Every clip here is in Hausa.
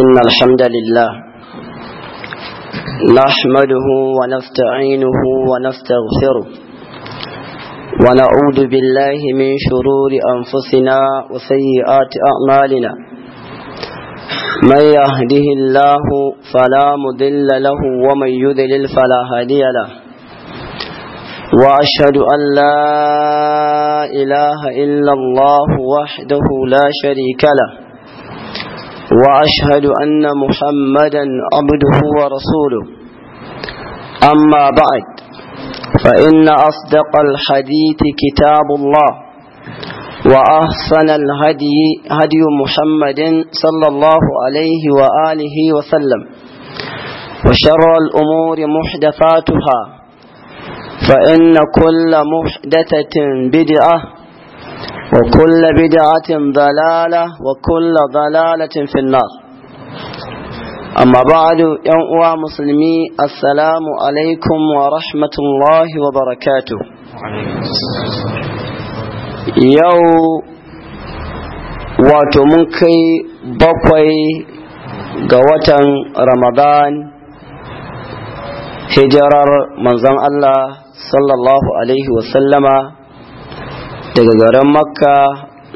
إن الحمد لله نحمده ونستعينه ونستغفره ونعوذ بالله من شرور أنفسنا وسيئات أعمالنا من يهده الله فلا مضل له ومن يذلل فلا هادي له وأشهد أن لا إله إلا الله وحده لا شريك له وأشهد أن محمدا عبده ورسوله أما بعد فإن أصدق الحديث كتاب الله وأحسن الهدي هدي محمد صلى الله عليه وآله وسلم وشر الأمور محدثاتها فإن كل محدثة بدعة وكل بدعة ضلالة وكل ضلالة في النار أما بعد ينقوى مسلمي السلام عليكم ورحمة الله وبركاته يو واتمنكي بقوي قوة رمضان hijirar manzon Allah sallallahu Alaihi wasallama daga garin makka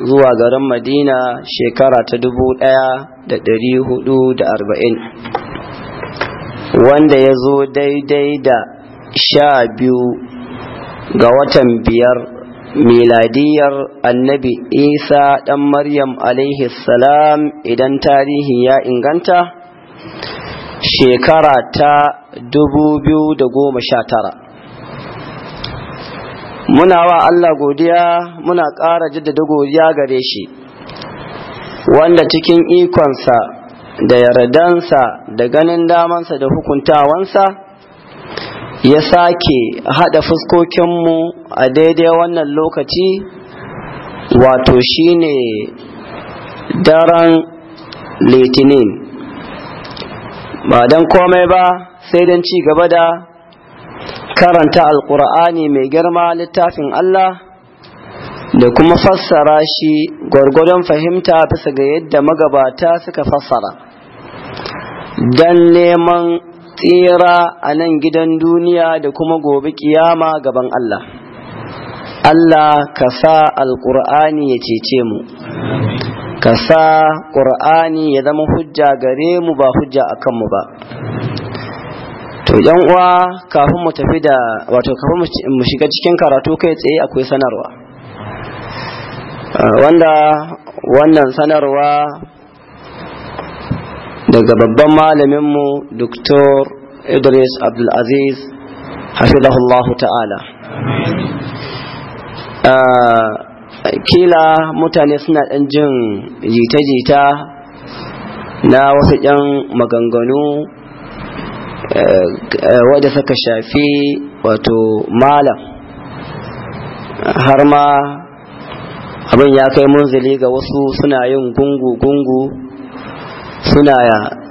zuwa garin madina shekara ta dubu ɗaya da ɗari hudu da arba'in wanda ya zo daidai da sha biyu ga watan biyar miladiyar annabi isa ɗan maryam alaihi salam idan tarihin ya inganta shekara ta dubu biyu da goma sha tara muna wa Allah godiya muna ƙara jaddada godiya gare shi wanda cikin ikonsa da yardansa da ganin damansa da hukuntawansa ya sake haɗa fuskokinmu a daidai wannan lokaci wato shine daren litinin ba dan komai ba sai dan ci gaba da karanta alkur'ani mai girma littafin Allah da kuma fassara shi gwargwadon fahimta bisa ga yadda magabata suka fassara don neman tsira a nan gidan duniya da kuma gobe kiyama gaban Allah Allah ka sa alkur'ani ya cece mu ka sa ƙur'ani ya zama hujja gare mu ba hujja a kanmu ba to yan uwa kafin mu tafi da wato kafin mu shiga cikin karatu kai tsaye akwai sanarwa ah, wanda wannan sanarwa daga babban malaminmu Dr. Idris Abdulaziz hafizahullahu ta'ala ah, kila mutane suna ɗan jin jita-jita na wasu yan maganganu Eh, wadda suka shafi wato malam har ma abin ya kai munzili ga wasu suna yin gungu-gungu suna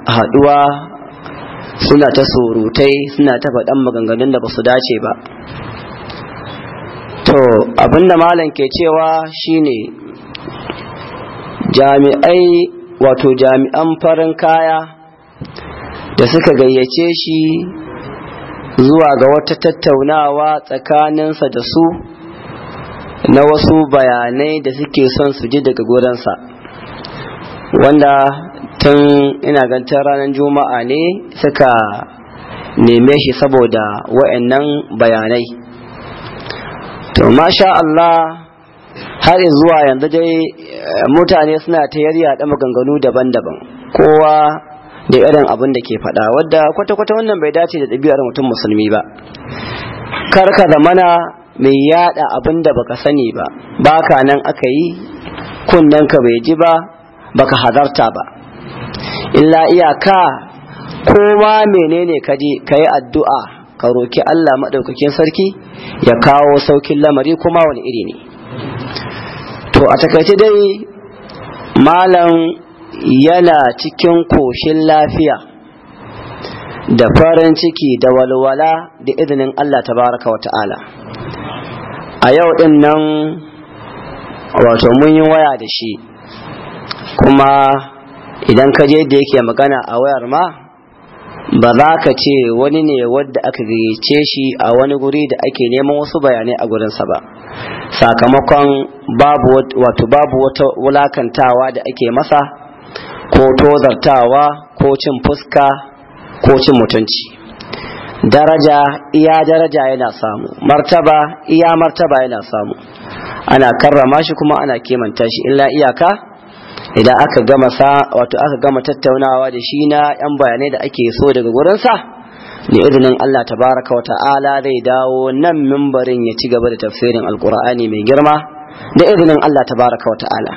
haduwa suna ta surutai suna ta faɗan maganganun da ba su dace ba to abinda malam ke cewa shine jami'ai wato jami'an farin kaya da suka gayyace shi zuwa ga wata tattaunawa tsakaninsa da su na wasu bayanai da suke son su ji daga gurinsa wanda tun ina gantar ranar juma'a ne suka neme shi saboda wa'annan bayanai to masha Allah har zuwa yanzu dai eh, mutane suna ta yarya da maganganu daban-daban kowa da irin abin da ke faɗa wadda kwata-kwata wannan bai dace da ɗabi'ar mutum musulmi ba kar ka zamana mai yada abin da baka sani ba baka nan aka yi kunnen ka bai ji ba baka hadarta ba illa iyaka kowa menene ka je ka yi addu'a ka roki Allah maɗaukakin sarki ya kawo saukin lamari kuma wani iri ne to a takaice dai malam yana cikin koshin lafiya da farin ciki da walwala da izinin Allah tabaraka wa ta'ala a yau din nan wato mun yi waya da shi kuma idan ka je da yake magana a wayar ma ba za ka ce wani ne wadda aka gayyace shi a wani guri da ake neman wasu bayanai a gurinsa ba sakamakon wato babu wata wulakantawa da ake masa ko tozartawa ko cin fuska ko cin mutunci daraja iya daraja yana samu martaba iya martaba yana samu ana karrama shi kuma ana kimanta shi illa iyaka idan aka gama sa wato aka gama tattaunawa da shi na yan bayanai da ake so daga gurinsa da izinin Allah tabaraka wa ta'ala zai dawo nan mimbarin ya ci gaba da tafsirin alkur'ani mai girma da izinin Allah tabaraka wa ta'ala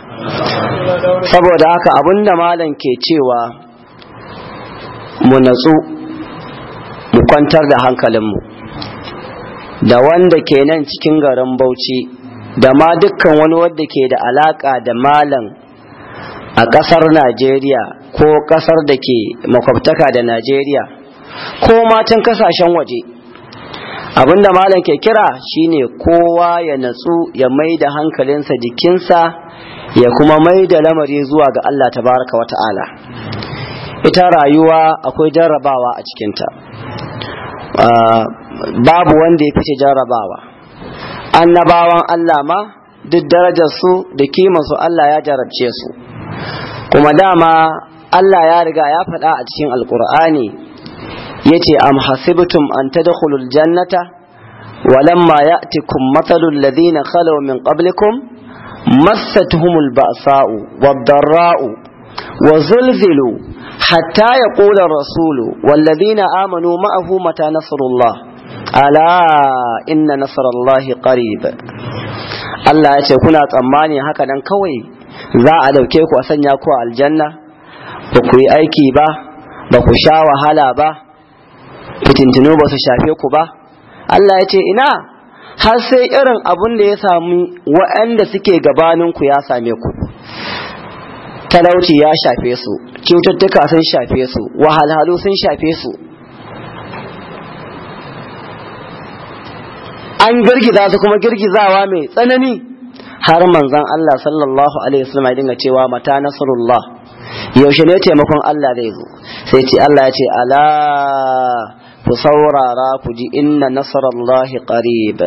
saboda haka abinda malam ke cewa mu natsu mu kwantar da hankalinmu da wanda ke nan cikin garin bauchi da ma dukkan wani wanda ke da alaka da malam a ƙasar Najeriya ko ƙasar da ke makwabtaka da Najeriya ko matan kasashen waje abinda malam ke kira shine kowa ya natsu ya mai da hankalinsa jikinsa ya kuma mai da lamari zuwa ga Allah tabaraka wa ta'ala ita rayuwa akwai jarrabawa a cikinta ah, babu wanda ya fice jarrabawa annabawan Allah ma duk darajarsu da kimansu Allah ya jarabce su kuma dama Allah ya riga ya faɗa a cikin alkur'ani yace am hasibtum an tadkhulul jannata walamma ya'tikum mathalul ladhina khalaw min qablikum massatuhumul ba'sa'u wad-dharra'u وزلزلوا حتى يقول الرسول والذين amanu معه متى نصر الله Ala! Inna نصر الله Allah ya ce kuna tsammani haka nan kawai za a dauke ku a sanya ku a aljanna ba ku yi aiki ba ba ku sha wahala ba fitintinu ba su shafe ku ba Allah ya ce ina har sai irin abun da ya sami waɗanda suke gabaninku ya same ku talauci ya shafe su cututtuka sun shafe su wahalhalu sun shafe su an girgiza su kuma girgizawa mai tsanani har manzan Allah sallallahu alaihi wasallam ya dinga cewa mata nasrullah yaushe ne taimakon Allah zai zo sai ce Allah ya ce ala ku saurara ku ji inna nasarallahi qarib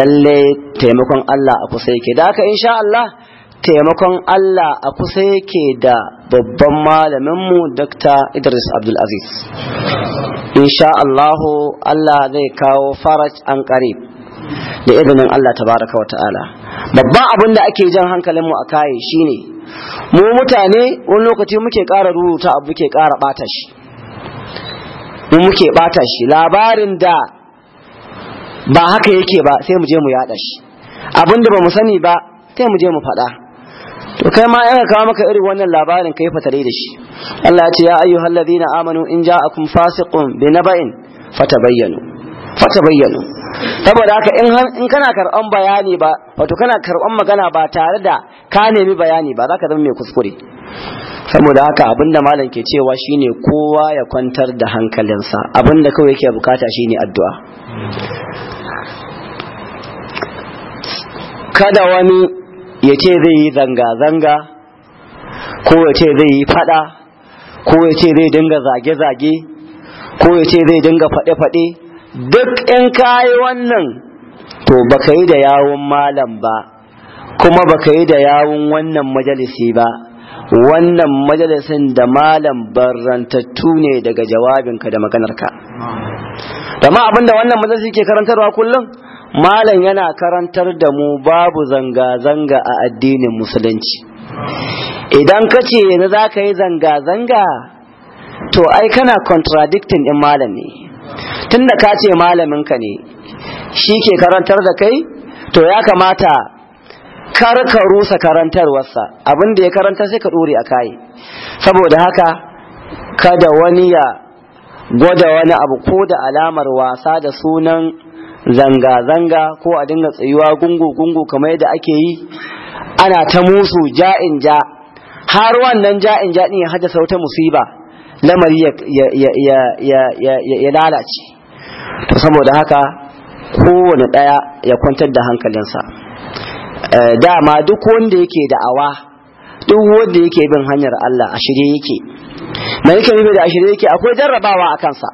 lalle taimakon Allah a kusa yake da haka insha Allah taimakon Allah a kusa yake da babban malaminmu Dr. Idris Abdul Aziz insha Allah Allah zai kawo faraj an qarib da izinin Allah tabaraka wa ta'ala babban abin da ake jan hankalinmu a kai shine mu mutane wani lokaci muke ƙara rubuta abu ke ƙara ɓata shi mu muke bata shi labarin da ba haka yake ba sai mu je mu yada shi abinda da ba mu sani ba sai mu je mu faɗa to kai ma yana kawo maka irin wannan labarin kai fatare da shi Allah ya ce ya ayyuhal ladina amanu in ja'akum fasiqun binaba'in fatabayyanu fatabayyanu saboda haka in kana karɓan bayani ba wato kana karɓan magana ba tare da ka nemi bayani ba za ka zama mai kuskure saboda haka abinda malam ke cewa shine kowa ya kwantar da hankalinsa abinda kawai yake bukata shine addu'a kada wani ya ce zai yi zanga-zanga ko ya ce zai yi fada ko ya ce zai dinga zage-zage ko ya ce zai dinga fade-fade duk in kayi wannan to baka yi da yawun malam ba kuma baka yi da yawun wannan majalisi ba wannan majalisin da malam barrantattu ne daga jawabinka da maganarka dama abinda wannan majalisi ke karantarwa kullum malam yana karantar da mu babu zanga-zanga a addinin musulunci idan ka ce yanzu za ka yi zanga-zanga to ai kana contradicting din malam ne tunda ka ce malaminka ne shi ke karantar da kai to ya kamata kar ka rusa karantarwarsa abin da ya karanta sai ka ɗore a kayi saboda haka kada wani ya gwada wani abu ko da alamar wasa da sunan zanga-zanga ko a dinga tsayuwa gungu-gungu kamar yadda ake yi ana ta musu ja'in ja har wannan ja'in ja ɗin ya haddasa wata musiba lamari ya lalace to saboda haka kowane ɗaya ya kwantar da hankalinsa Eh, dama duk wanda yake da'awa duk wanda yake bin hanyar Allah a shirye yake da yake bin da a shirye yake akwai jarrabawa a kansa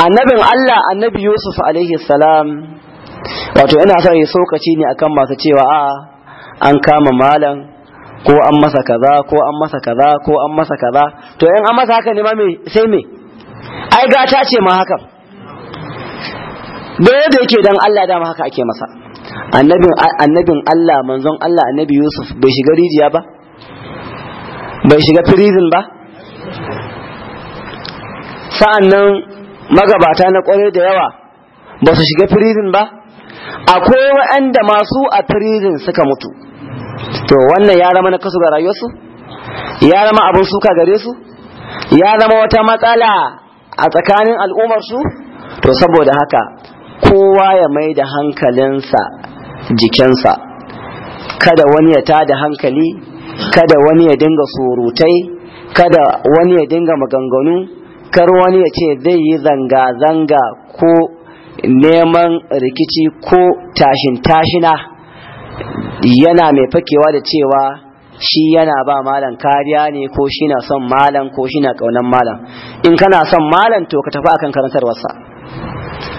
annabin Allah annabi Yusuf alaihi salam wato ina son ya sokaci ne akan masu cewa a an kama malam ko an masa kaza ko an masa kaza ko an masa kaza to in an masa haka ne ma me sai me ai gata ce ma hakan da yake dan Allah dama haka ake masa annabin annabin Allah manzon Allah annabi Yusuf bai shiga rijiya ba bai shiga prison ba sa'an nan magabata na kwarai da yawa ba su shiga prison ba akwai waɗanda masu a prison suka mutu to wannan ya rama na kasu ga rayuwarsu ya rama abin suka gare su ya zama wata matsala a tsakanin su? to saboda haka kowa ya mai da hankalinsa jikinsa kada wani ya tada hankali kada wani ya dinga surutai kada wani ya dinga maganganu kar wani ya ce zai yi zanga-zanga ko neman rikici ko tashin-tashina yana mai fakewa da cewa shi yana ba malam kariya ne ko shi na son malam ko shi na ƙaunar malam in kana son malam to ka tafi akan karantarwarsa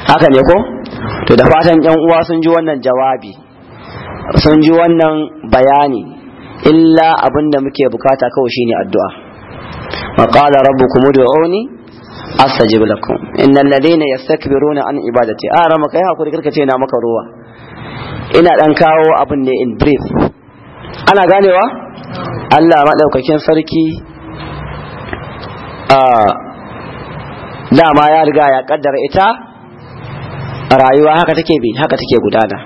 haka ne ko to da fatan yan uwa sun ji wannan jawabi sun ji wannan bayani illa abinda muke bukata kawai shine addu'a wa qala rabbukum ud'uni astajib lakum innal ladina yastakbiruna an ibadati a ah, rama kai hakuri karka ce na maka ruwa ina dan kawo abin ne in brief ana ganewa Allah madaukakin sarki a ah, dama ya riga ya kaddara ita A rayuwa haka take bi haka take gudana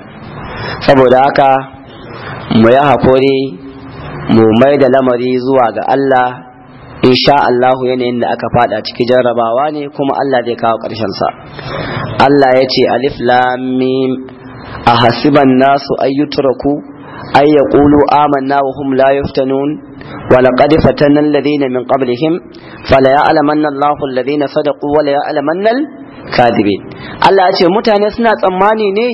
saboda haka mu yi hakuri mu mai da lamari zuwa ga Allah insha Allahu yanayin da aka fada ciki jarrabawa ne kuma Allah zai kawo ƙarshen sa Allah ya ce alif lam mim hasiban nasu ayyutraku ay yaqulu amanna wa hum la yuftanun ولقد فتنا الذين من قبلهم فليعلمن الله الذين صدقوا وليعلمن kadibin Allah ya ce mutane suna tsammani ne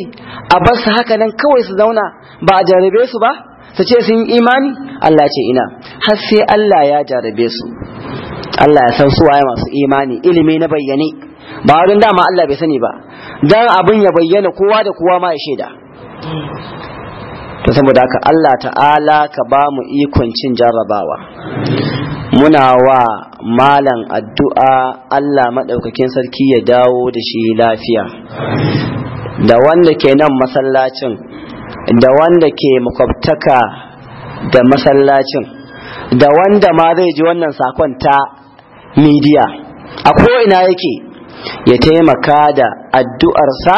a bar su haka nan kawai su zauna ba a jarabe su ba su ce sun yi imani Allah ya ce ina har sai Allah ya jarabe su Allah ya san su waye masu imani ilimi na bayyane ba wurin dama Allah bai sani ba dan abin ya bayyana kowa da kowa ma ya shaida ta saboda haka Allah ta'ala ka ba mu ikon cin jarrabawa muna wa malam addu'a Allah maɗaukakin sarki ya dawo da shi lafiya da wanda ke nan masallacin da wanda ke makwabtaka da masallacin da wanda ma zai ji wannan sakon ta midiya a ina yake ya taimaka da addu'arsa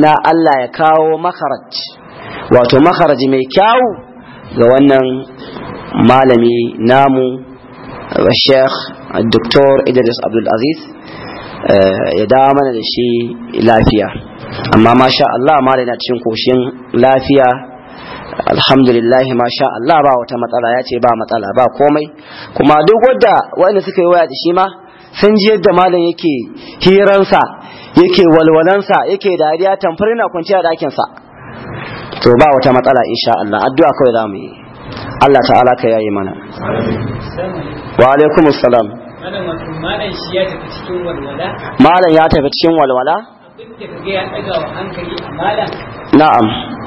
na Allah ya kawo makaraci wato makaraji mai kyau ga wannan malami namu sheikh dr idris abdulaziz eh, ya dawo mana da shi lafiya amma masha Allah malai na cikin koshin lafiya alhamdulillah masha Allah ba wata matsala ya ce ba matsala ba komai kuma duk wadda wanda suka yi waya da shi ma sun ji yadda malam yake hiransa yake walwalansa yake dariya tamfar yana kwanciya dakinsa. to ba wata matsala insha Allah addu'a kawai za mu yi Allah ta'ala ka yayi mana wa alaikum assalam malam shi ya tafi cikin walwala malam ya tafi cikin walwala da kage ya daga wa hankali a malam na'am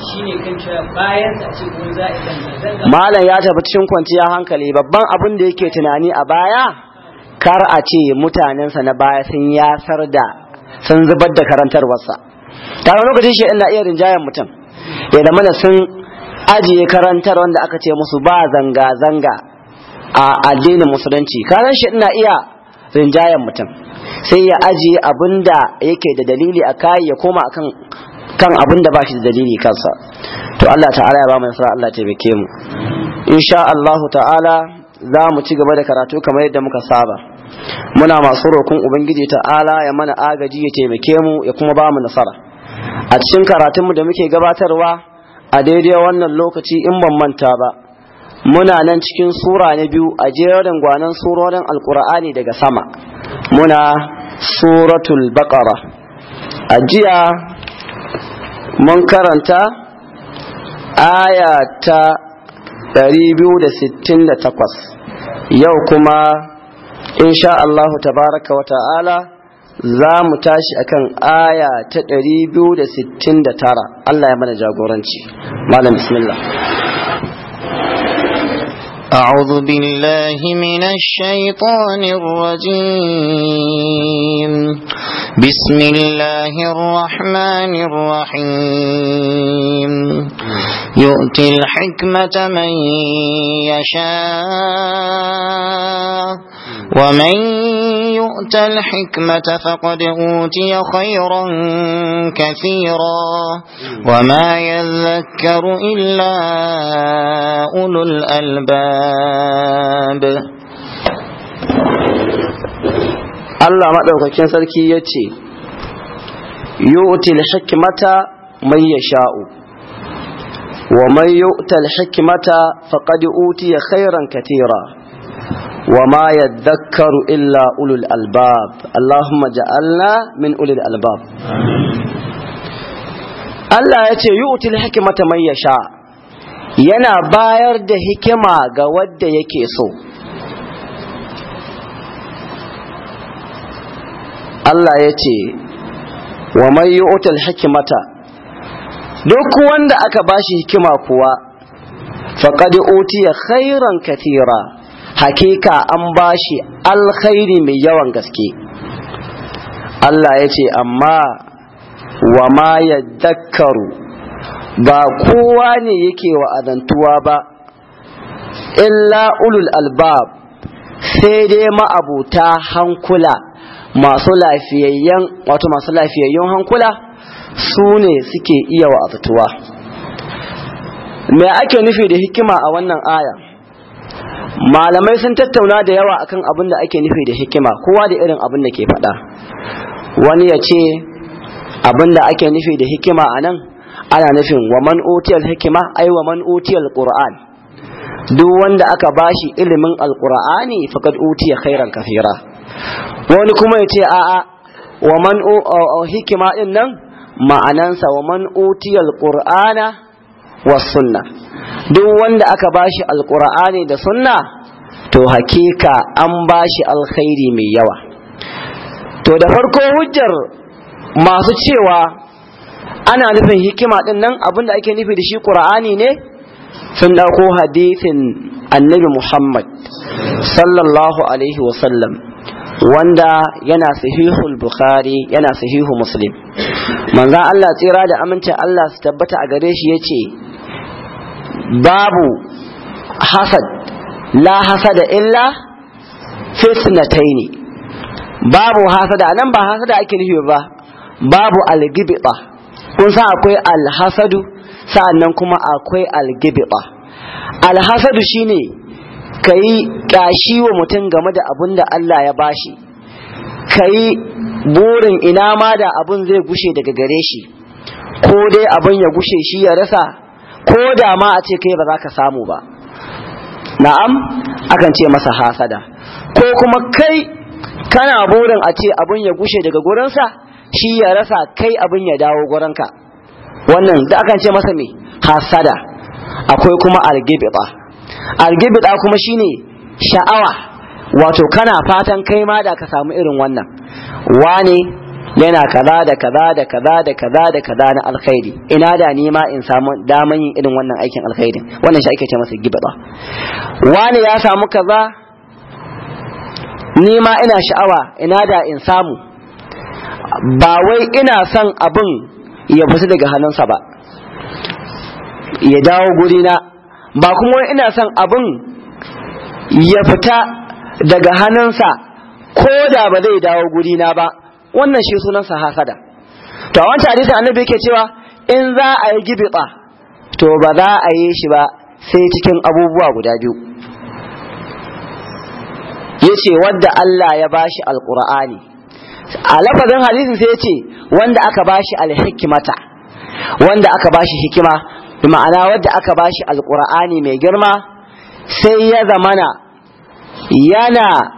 shine kan bayan a ce ko za malam ya tafi cikin kwanciya hankali babban abin da yake tunani a baya kar a ce mutanensa na baya sun yasar da sun zubar da karantarwarsa ta wani lokacin shi ina iya rinjayen mutum ya zama da sun ajiye karantar wanda aka ce musu ba zanga-zanga a addinin musulunci karan shi ina iya rinjayen mutum sai ya ajiye abin da yake da dalili a kai ya koma akan kan abin da ba shi da dalili kansa to Allah ta'ala ya ba mu nasara Allah taimake mu insha Allah ta'ala za mu ci gaba da karatu kamar yadda muka saba muna masu roƙon ubangiji ta'ala ya mana agaji ya taimake mu ya kuma ba mu nasara a cikin karatunmu da muke gabatarwa a daidai wannan lokaci in ban manta ba muna nan cikin sura na biyu a jerin gwanan surorin alkur'ani daga sama muna suratul baqara a jiya mun karanta aya ta 268 yau kuma insha Allah tabaraka wa ta'ala zamu tashi akan aya ta 269 Allah ya mana jagoranci malam bismillah a'udhu billahi minash shaitanir rajim بسم الله الرحمن الرحيم يؤتي الحكمة من يشاء ومن يؤت الحكمة فقد أوتي خيرا كثيرا وما يذكر إلا أولو الألباب الله ما دوكا كين سركي يتي يؤتي الحكمة من يشاء ومن يؤت الحكمة فقد أوتي خيرا كثيرا وما يذكر إلا أولو الألباب اللهم جعلنا من أولي الألباب Allah ya ce yi yu'til hikmata man yasha yana bayar da hikima ga wadda yake so Allah ya ce wa yi yu'til hikmata duk wanda aka bashi hikima kuwa faqad utiya khairan kathira hakika an ba shi alkhairi mai yawan gaske Allah ya ce amma wa ma ya dakkaru ba kowa ne yake wa'azantuwa ba illa ulul albab sai dai ma'abuta hankula masu lafiyayyen wato masu lafiyayyen hankula su ne suke iya wa'azatuwa me ake nufi da hikima a wannan ayan? malamai sun tattauna da yawa akan abin da ake nufi da hikima kowa da irin abin da ke faɗa wani ya ce abin da ake nufi da hikima a nan ana nufin wa man utiyal hikima ai wa man utiyal qur'an duk wanda aka bashi ilimin alqur'ani fakat otiya khairan kafira wani kuma ya ce a'a wa man hikima din nan ma'anansa wa man utiyal qur'ana wa sunna duk wanda aka bashi alqur'ani da sunna to hakika an ba shi alkhairi mai yawa to da farko hujjar masu cewa ana nufin hikima din nan abinda ake nufi da shi qur'ani ne sun dauko hadisin annabi muhammad sallallahu alaihi wasallam wanda yana sahihul bukhari yana sahihu muslim manzan allah tsira da amincin allah su tabbata a gare shi ya ce babu hasad la hasada illa fitnataini babu hasada nan ba hasada ake nufi ba babu algibita kun san akwai alhasadu sa'annan kuma akwai algibita alhasadu shine kai kyashi wa mutum game da abun da Allah ya bashi kai burin ina ma da abun zai gushe daga gare shi ko dai abun ya gushe shi ya rasa ko da ma a ce kai ba za ka samu ba na'am akan ce masa hasada ko kuma kai kana burin a ce abin ya gushe daga gurinsa shi ya rasa kai abin ya dawo gurinka wannan da akan ce masa me hasada akwai kuma algibida algibida kuma shine sha'awa wato kana fatan kai ma da ka samu irin wannan wane yana kaza da kaza da kaza da kaza da kaza na alkhairi ina da ni ma in samu daman yin irin wannan aikin alkhairin wannan shi ake ce masa gibada wani ya samu kaza ni ma ina sha'awa ina da in samu ba wai ina son abin ya fita daga hannunsa ba ya dawo gurina ba kuma wai ina son abin ya fita daga hannunsa ko da ba zai dawo gurina ba wannan shi sunansa hasada to a wancan hadisi annabi yake cewa in za a yi gibita to ba za a yi shi ba sai cikin abubuwa guda biyu yace wanda Allah ya bashi alqur'ani a lafazin hadisin sai yace wanda aka bashi alhikimata, wanda aka bashi hikima ma'ana wadda aka bashi alqur'ani mai girma sai ya zamana yana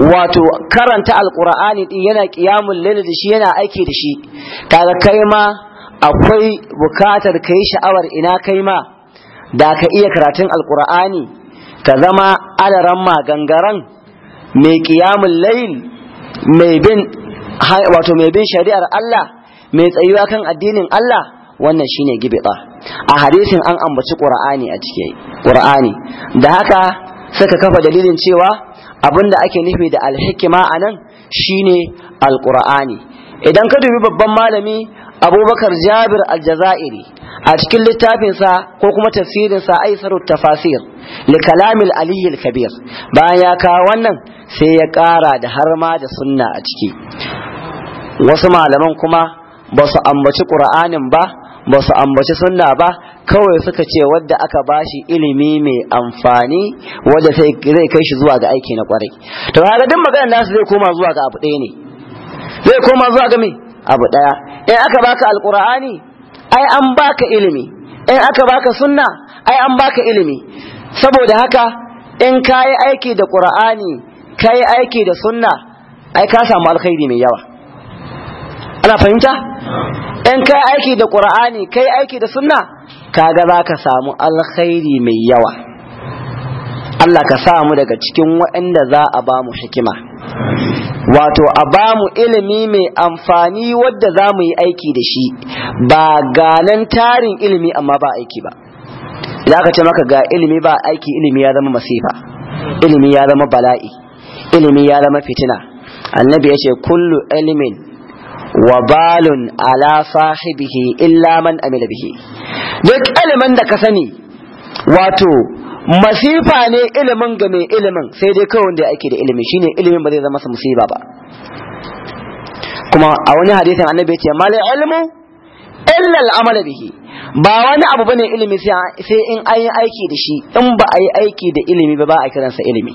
wato karanta alkur'ani din yana qiyamul layl da shi yana aiki da shi kaga kai ma akwai bukatar kai sha'awar ina kai ma da ka iya karatun alkur'ani ka zama alaran ma gangaran mai qiyamul layl mai bin wato mai bin shari'ar Allah mai tsayuwa kan addinin Allah wannan shine gibita a hadisin an ambaci qur'ani a ciki qur'ani da haka suka kafa dalilin cewa abinda ake nufi da alhikima a nan shine alqur'ani idan ka dubi babban malami abubakar jabir aljazairi a cikin littafinsa ko kuma tafsirinsa aisaru tafasir li kalamil aliyyil kabir bayan ya kawo wannan sai ya ƙara da har ma da sunna a ciki wasu malaman kuma ba su ambaci ƙur'anin ba ba su ambaci sunna ba kawai suka ce wadda aka bashi ilimi mai amfani wadda zai kai shi zuwa ga aiki na kwarai to kaga duk maganar nasu zai koma zuwa ga abu ɗaya ne zai koma zuwa ga me abu ɗaya in aka baka alqur'ani ai an baka ilimi in aka baka sunna ai an baka ilimi saboda haka in kayi aiki da qur'ani kayi aiki da sunna ai ka samu alkhairi mai yawa ana fahimta in kai aiki da ƙura'ani kai aiki da sunna kaga za ka samu alkhairi mai yawa Allah ka sa mu daga cikin waɗanda za a ba mu hikima wato a ba mu ilimi mai amfani wadda za mu yi aiki da shi ba ganan tarin ilimi amma ba aiki ba idan aka ce maka ga ilimi ba aiki ilimi ya zama masifa ilimi ya zama bala'i ilimi ya zama fitina annabi ya ce kullu ilimin wa balun ala sahibihi illa man amila bihi duk ilimin da ka sani wato masifa ne ilimin ga mai ilimin sai dai kawai wanda ake da ilimi shine ilimin ba zai zama musiba ba kuma a wani hadisin annabi ya ce mal ilmu illa al bihi ba wani abu bane ilimi sai in an yi aiki da shi in ba a yi aiki da ilimi ba ba a kiransa ilimi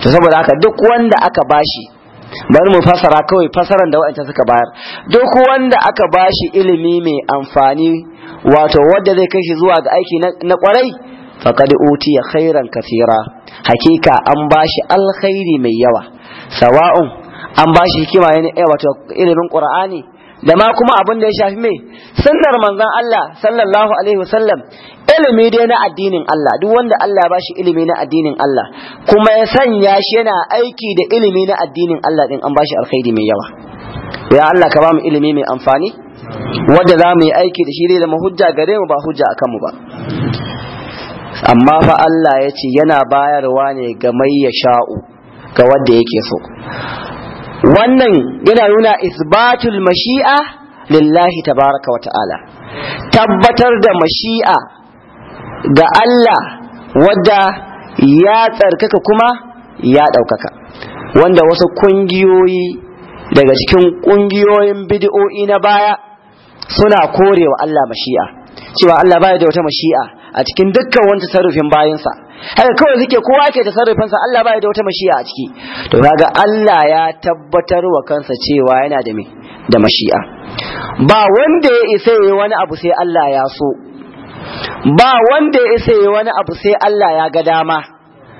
to saboda haka duk wanda aka bashi bari mu fasara kawai fasaran da wa'anta suka bayar duk wanda aka bashi ilimi mai amfani wato wanda zai kai shi zuwa ga aiki na kwarai faqad utiya khairan kathira hakika an bashi alkhairi mai yawa sawa'un an bashi hikima ne eh, wato ilimin qur'ani da ma kuma abin da ya shafi mai sunnar manzon Allah sallallahu alaihi wasallam ilimi dai na addinin Allah duk wanda Allah ya bashi ilimi na addinin Allah kuma ya sanya shi yana aiki da ilimi na addinin Allah din an bashi alkhairi mai yawa ya Allah ka ba mu ilimi mai amfani wanda za mu yi aiki da shi dai da hujja gare mu ba hujja akan mu ba amma fa Allah ya ce yana bayarwa ne ga mai ya sha'u ga wanda yake so wannan yana nuna isbatul mashi'a lillahi tabaraka wa ta'ala tabbatar da mashi'a ga Allah wadda ya tsarkaka kuma ya ɗaukaka wanda wasu ƙungiyoyi daga cikin ƙungiyoyin bid'o'i na baya suna korewa Allah mashi'a cewa Allah baya da wata mashi'a a cikin dukkan wani tasarrufin bayansa haka kawai suke kowa ke tasarrufinsa Allah baya da wata mashi'a a ciki to kaga Allah ya tabbatar wa kansa cewa yana da da mashi'a ba wanda ya isa yi wani abu sai Allah ya so ba wanda ya isa yi wani abu sai Allah ya ga dama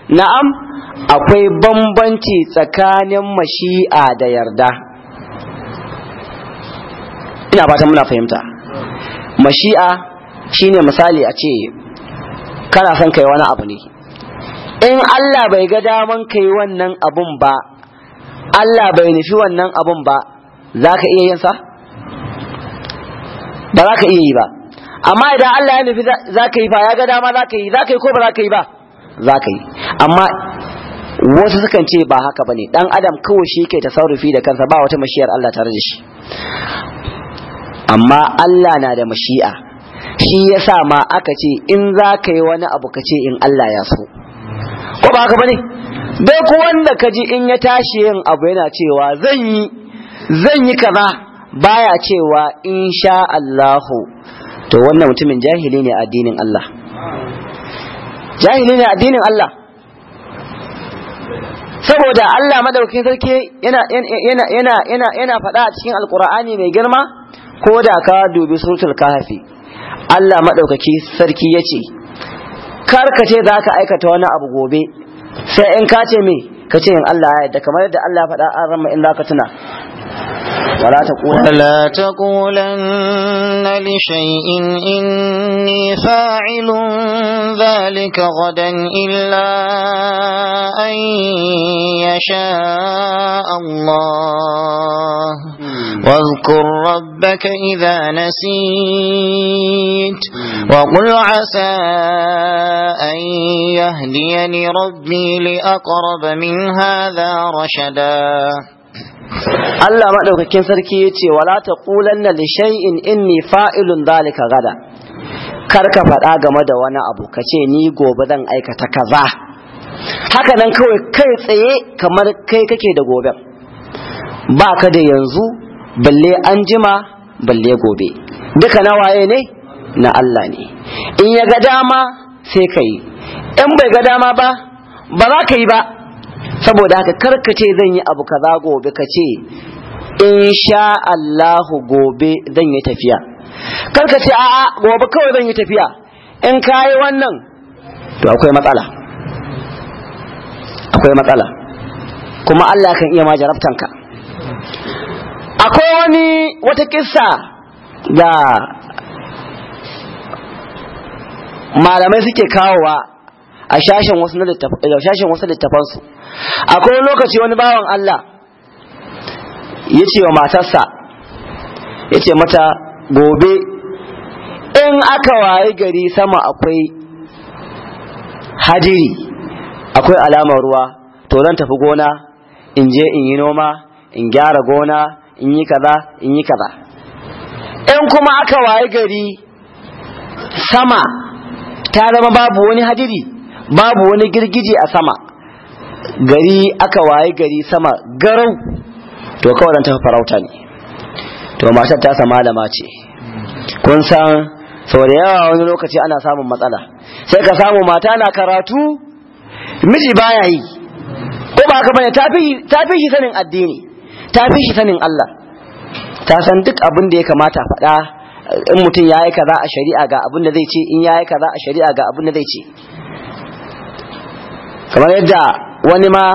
na'am akwai bambanci tsakanin mashi'a da yarda ina fatan muna fahimta mashi'a shine misali a ce kana son kai wani abu ne in Allah bai ga daman kai wannan abun ba Allah bai nufi wannan abun ba za ka iya yin sa ba za ka iya yi ba amma idan Allah ya nufi za ka yi fa ya ga dama za ka yi za ka yi ko ba za ka yi ba za ka yi amma wasu sukan ce ba haka bane dan adam kawai shi yake tasarrufi da kansa ba wata mashiyar Allah tare da shi amma Allah na da mashi'a shi ya sa ma aka ce in za ka yi wani abu ka ce in Allah ya so ko ba haka ne? dai ko wanda ka ji in ya tashi yin abu yana cewa zan yi zan yi kaza baya cewa insha Allahu to wannan mutumin jahili ne a addinin Allah jahili ne a addinin Allah saboda Allah madaukakin sarki yana yana yana yana faɗa a cikin alkur'ani mai girma ko da ka dubi suratul kahfi Allah maɗaukaki sarki ya ce kar ka ce za ka aikata wani abu gobe sai in ka ce me ka ce in Allah ya yarda kamar yadda Allah faɗa an rama in za ka tuna ولا تقولن ولا تقولن لشيء إني فاعل ذلك غدا إلا أن يشاء الله واذكر ربك إذا نسيت وقل عسى أن يهديني ربي لأقرب من هذا رشدا Allah maɗaukakin sarki yace, ce wala ta li shay'in inni fa'ilun zalika gada kar ka faɗa game da wani abu ka ce ni gobe zan aikata kaza haka nan kawai kai tsaye kamar kai kake da gobe ba ka da yanzu balle an jima balle gobe duka na waye ne na Allah ne in ya ga dama sai ka yi in bai ga dama ba ba za ka yi ba saboda haka karka ce zan yi abu kaza gobe ka ce in Allahu gobe zan yi tafiya karka ce a'a gobe kawai zan yi tafiya in kayi wannan to akwai matsala akwai matsala kuma Allah kan iya ma jarabtanka akwai wani wata kissa da malamai suke kawowa a shashin wasu littafansu akwai lokaci wani bawan Allah ya ce wa matarsa ya mata gobe in aka waye gari sama akwai hadiri akwai alamar ruwa to zan tafi gona in je in yi noma in gyara gona in yi kaza in yi kaza in kuma aka waye gari sama ta zama babu wani hadiri babu wani girgije a sama gari aka waye gari sama garau to kawai dan tafi farauta ne to matar ta malama ce kun san sau da yawa wani lokaci ana samun matsala sai ka samu mata na karatu miji baya yi ko ba ka bane ta fi shi sanin addini ta fi shi sanin Allah ta san duk abin da ya kamata faɗa in mutum ya yi kaza a shari'a ga abin da zai ce in ya yi kaza a shari'a ga abin da zai ce kamar yadda wani ma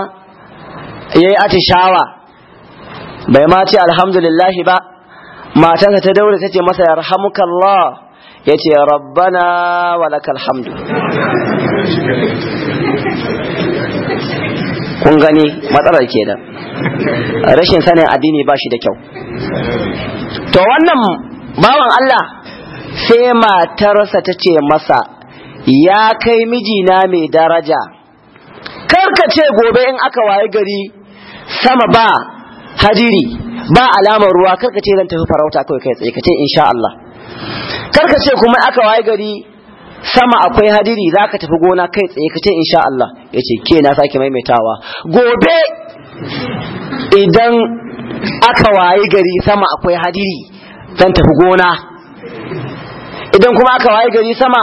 ya yi atishawa bai ma ce alhamdulillahi ba matansa ta daure ta ce masa ya ya ce rabbana walakal alhamdu. kun gani matsalar ke da rashin sanin addini ba shi da kyau to wannan bawan Allah sai matarsa ta ce masa ya kai mijina mai daraja karka ce gobe in aka waye gari sama ba hadiri ba alamar ruwa karka ce zan tafi farauta kawai kai tsaye kace insha Allah karka ce kuma aka waye gari sama akwai hadiri zaka tafi gona kai tsaye kace insha Allah yace ke na sake maimaitawa gobe idan aka waye gari sama akwai hadiri zan tafi gona idan kuma aka waye gari sama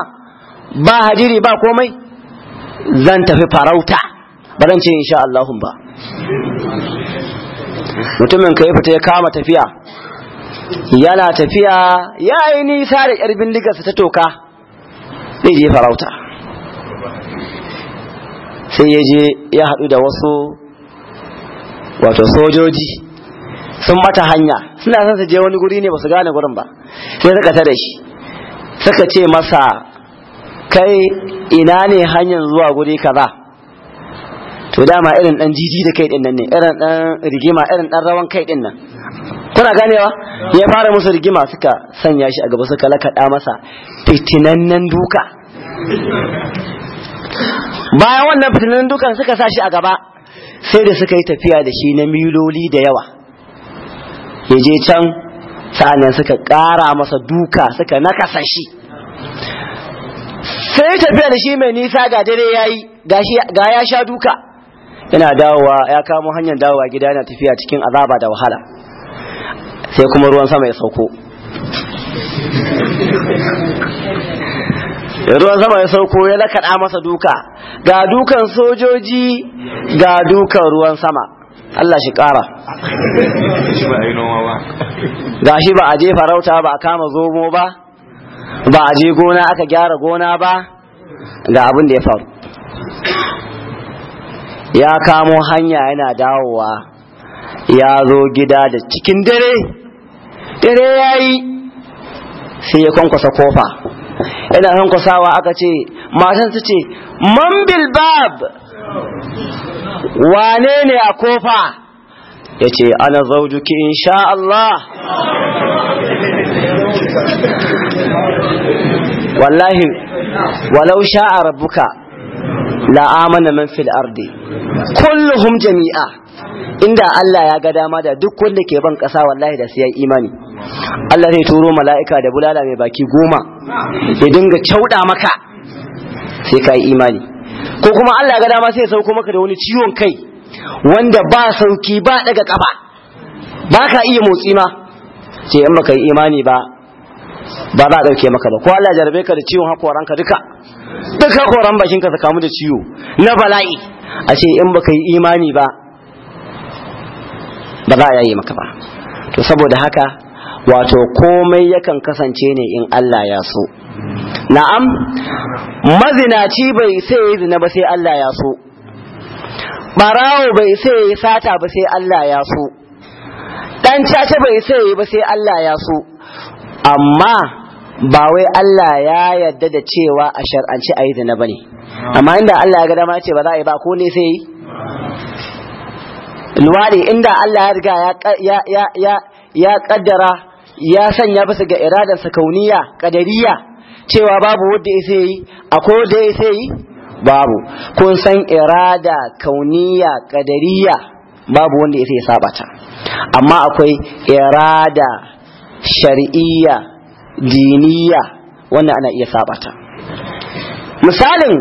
ba hadiri ba komai zan tafi farauta barance ce insha Allahun ba mutumin ka ya fita ya kama tafiya yana tafiya ya yi nisa da yar bindigarsa ta toka zai je farauta sai ya je ya haɗu da wasu wato sojoji sun mata hanya suna son su je wani guri ne ba su gane gurin ba sai suka tare shi suka ce masa kai ina ne hanyar zuwa guri kaza to dama irin dan jiji da kai din nan ne irin dan rigima irin dan rawan kai din nan kuna ganewa ya fara musu rigima suka sanya shi a gaba suka lakaɗa masa fitinannen duka bayan wannan fitinannen dukan suka sa shi a gaba sai da suka yi tafiya da shi na miloli da yawa ya je can sa'annan suka ƙara masa duka suka nakasa shi sai tafiya da shi mai nisa ga dare ya yi ga ya sha duka yana dawowa ya kamo hanyar dawowa gida yana tafiya cikin azaba da wahala sai kuma ruwan sama ya sauko ruwan sama ya sauko ya lakaɗa masa duka ga dukan sojoji ga dukan ruwan sama Allah shi ƙara ga shi ba a je farauta ba a kama zomo ba ba a je gona aka gyara gona ba ga abin da ya faru ya kamo hanya yana dawowa ya zo gida da cikin dare dare ya yi sai ya kwankwasa kofa yana kwankwasawa aka ce matan su ce man bilbab wane ne a kofa ya ce ana zaujuki sha Allah wallahi walau sha'a rabbuka la amana man fil ardi kulluhum jami'a inda Allah ya ga dama da duk wanda ke ban kasa wallahi da sai imani Allah zai turo mala'ika da bulala mai baki goma ya dinga cauda maka sai ka yi imani ko kuma Allah ya ga dama sai ya sauko maka da wani ciwon kai wanda ba sauki ba daga kaba ba ka iya motsi ma sai in baka yi imani ba ba za a ɗauke maka ba ko Allah jarabe ka da ciwon ka duka duk hakoran bakin ka kamu da ciwo na bala'i a ce in baka yi imani ba ba za a yaye maka ba to saboda haka wato komai yakan kasance ne in Allah ya so na'am mazinaci bai sai yi zina ba sai Allah ya so barawo bai sai ya sata ba sai Allah ya so dan caca bai sai ba sai Allah ya so amma ba wai Allah ya yarda da cewa a shar'anci a yi zina ba ne amma inda Allah ya ga dama ce ba za a yi ba ko ne sai yi luwari inda Allah ya riga ya kaddara ya sanya bisa ga iradarsa kauniya kadariya cewa babu wanda ya sai yi akwai wanda ya sai yi babu kun san irada kauniya kadariya babu wanda ya sai saba ta amma akwai irada shar'iyya diniya wannan ana iya sabata misalin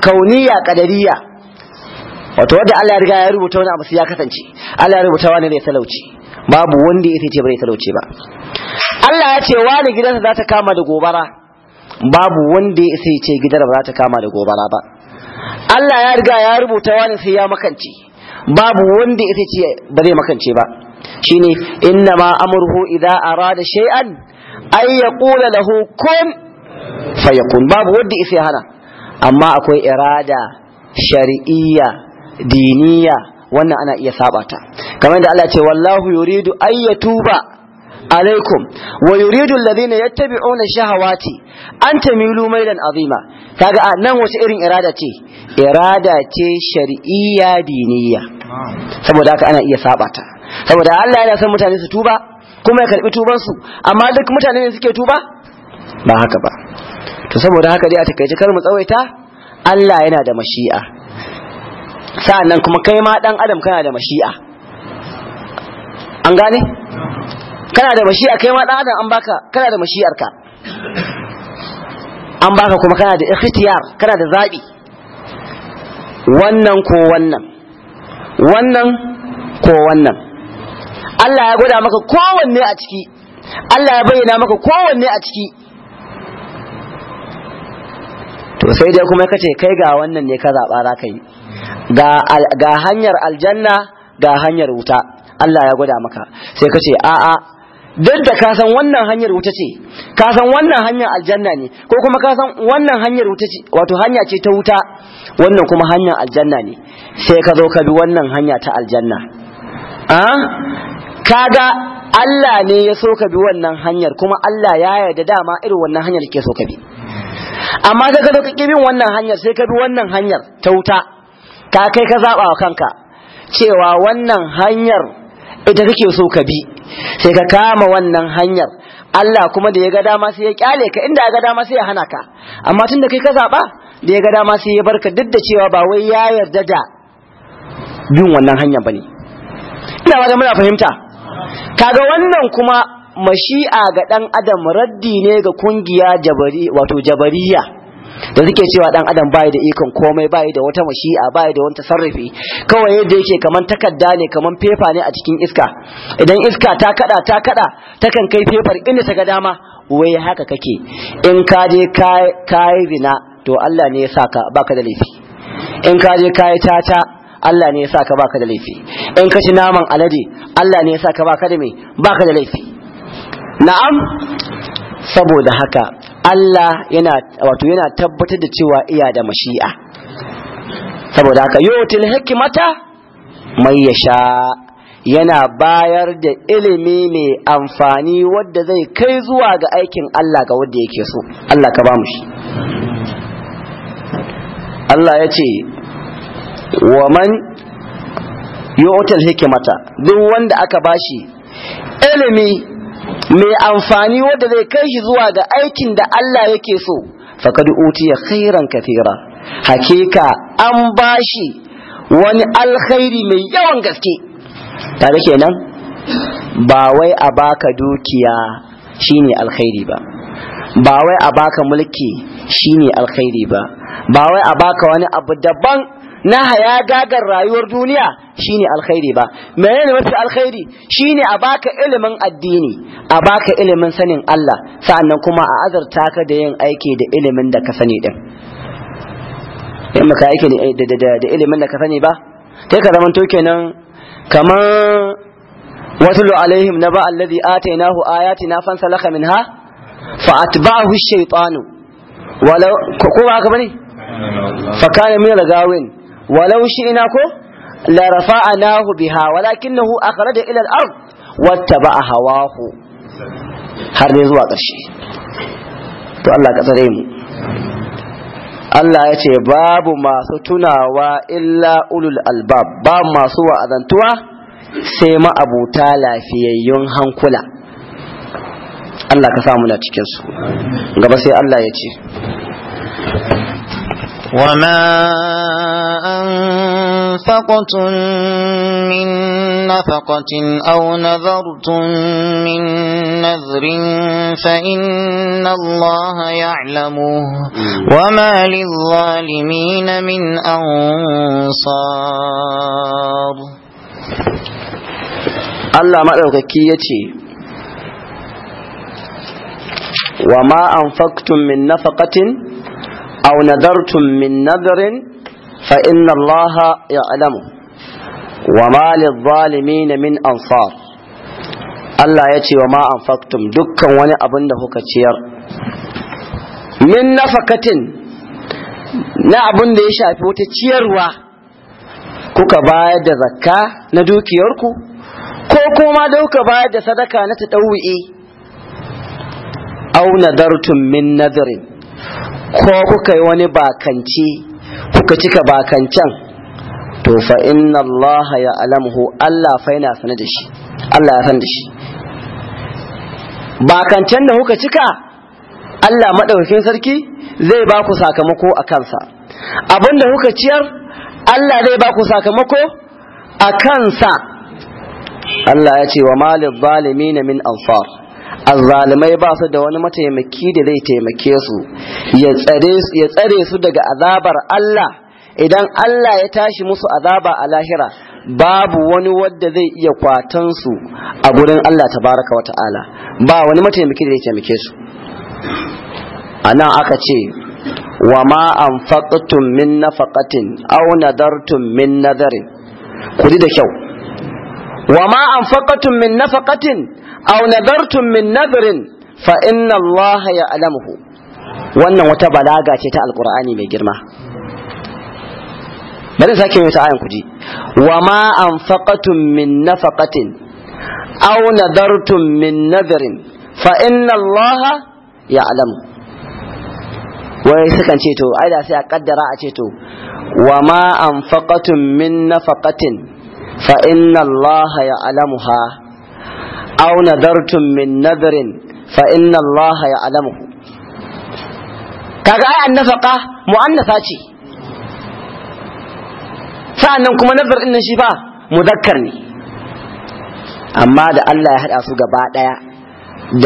kauniya kadariya wato wadda Allah ya riga ya rubuta wani abu sai ya kasance Allah ya rubuta wani ne talauci babu wanda ya ce bai talauci ba Allah ya ce wani gidansa za ta kama da gobara babu wanda ya ce gidan ba za ta kama da gobara ba Allah ya riga ya rubuta wani sai ya makance babu wanda ya ce bai makance ba shine inna ma amurhu idza arada shay'an ay yaqula lahu kun fayakun babu wanda yake hana amma akwai irada shar'iyya diniya wannan ana iya sabata kamar da Allah ya ce wallahu yuridu ayyatuba عليكم ويريد الذين يتبعون الشهوات أن تميلوا ميلا azima. kaga nan wace irin irada ce irada ce shar'iyya diniya saboda haka ana iya saɓata. ta saboda Allah yana son mutane su tuba kuma ya karbi tuban su amma duk mutane ne suke tuba ba haka ba to saboda haka dai a takaice kar mu tsawaita Allah yana da mashi'a sa'annan kuma kai ma dan adam kana da mashi'a an gane kana da mashi'a kai ma dan adam an baka kana da mashi'ar ka an baka kuma kana da ikhtiyar kana da zabi wannan ko wannan wannan ko wannan Allah ya gwada maka kowanne a ciki Allah ya bayyana maka kowanne a ciki to sai dai kuma kace kai ga wannan ne ka zaba za ka yi ga hanyar aljanna ga hanyar wuta Allah ya gwada maka sai kace a'a duk da ka san wannan hanyar wuta ce ka san wannan hanyar aljanna ne ko kuma ka san wannan hanyar wuta ce wato hanya ce ta wuta wannan kuma hanyar aljanna ne sai ka zo ka bi wannan hanya ta aljanna a ah? kaga Allah ne ya so ka bi wannan hanyar kuma Allah ya yarda dama irin wannan hanyar ke so ka bi amma ka ga ka bin wannan hanyar sai ka bi wannan hanyar ta wuta ka kai ka zaba wa kanka cewa wannan hanyar ita kake so ka bi sai ka kama wannan hanyar Allah kuma da ya ga dama sai ya kyale ka inda ya ga dama sai ya hana ka amma tun da kai ka zaba da ya ga dama sai ya barka duk da cewa ba wai ya yarda da bin wannan hanyar bane ina ba da muna fahimta kaga wannan kuma mashi'a ga dan adam raddi ne ga kungiya jabari wato jabariya da suke cewa dan adam bai da ikon komai bai da wata mashi'a bai da wata sarrafi kawai yadda yake kaman takarda ne kaman fefa ne a cikin iska idan iska ta kada ta kada takan kai fefar inda ta ga dama wai haka kake in ka je kai zina to Allah ne ya saka baka da laifi in ka je kai tata Allah ne ya sa ka baka da laifi in ka ci naman alade Allah ne ya sa ka baka da me baka da laifi na'am saboda haka Allah yana wato yana tabbatar da cewa iya da mashi'a saboda haka yutil hikmata mai yasha yana bayar da ilimi mai amfani wadda zai kai zuwa ga aikin Allah ga wadda yake so Allah ka ba mu shi Allah ya ce wa man yu'tal hikmata duk wanda aka bashi ilimi mai amfani wanda zai kai shi zuwa ga aikin da Allah yake so faqad utiya khairan kathira hakika an bashi wani alkhairi mai yawan gaske tare kenan ba wai a baka dukiya shine alkhairi ba ba wai a baka mulki shine alkhairi ba ba wai a baka wani abu daban na haya gagar rayuwar duniya shine alkhairi ba menene wasu alkhairi shine a baka ilimin addini a baka ilimin sanin Allah sa'annan kuma a azurta ka da yin aiki da ilimin da ka sani din in maka aiki da ilimin da ka sani ba kai ka zamanto kenan kamar watulu alaihim naba alladhi atainahu ayatina fansalakha minha fa atba'ahu ash-shaytanu walau ko ba ka bane fa kana min al-gawin Walaushi shi'na ko la rafa'nahu biha walakinahu akhraja ila al-ard wattaba'a hawahu har dai zuwa ƙarshe to Allah ka tsare mu Allah ya ce babu masu tunawa illa ulul albab ba masu wa'azantuwa sai ma'abuta lafiyayyun hankula Allah ka samu na cikinsu gaba sai Allah ya ce وما أنفقتم من نفقة أو نذرتم من نذر فإن الله يعلمه وما للظالمين من أنصار الله ما أوكي وما أنفقتم من نفقة aw nadartum min nadrin fa inna allaha ya'lamu wa ma lidh-dhalimin min ansar Allah ya ce wa ma anfaqtum dukkan wani abin da kuka ciyar min nafakatin na abin da ya shafi wata ciyarwa kuka bayar da zakka na dukiyarku ko kuma dauka bayar da sadaka na ta ɗau'i Auna nadartum min nadarin ko kuka yi wani bakanci kuka cika bakancan to fa inna Allah ya alamhu Allah fa yana sana da shi Allah ya san da shi bakancan da kuka cika Allah madaukakin sarki zai ba ku sakamako a kansa abinda kuka ciyar Allah zai ba ku sakamako a kansa Allah ya ce wa malil zalimin min ansar azzalimai ba su da wani mataimaki da zai taimake su ya tsare su daga azabar Allah idan Allah ya tashi musu azaba a lahira babu wani wanda zai iya kwatan su a gurin Allah tabaraka wa ta'ala ba wani mataimaki da zai taimake su anan aka ce wa ma anfaqtum min nafaqatin aw nadartum min nadarin ku da kyau وما أنفقتم من نفقة أو نذرتم من نذر فإن الله يعلمه wannan wata balaga ce ta alkur'ani mai girma bari sake mai ta'ayan kuji wa ma anfaqatum min nafaqatin aw nadartum min nadrin fa inna allaha ya'lamu wai sukan ce to ai sai a ƙaddara a ce to wa ma anfaqatum min فإن الله يعلمها أو نذرتم من نذر فإن الله يعلمه kaga ai annafaka mu'annasa ce sa'annan kuma nazar din shi mudakkar ne amma da Allah ya haɗa su gaba ɗaya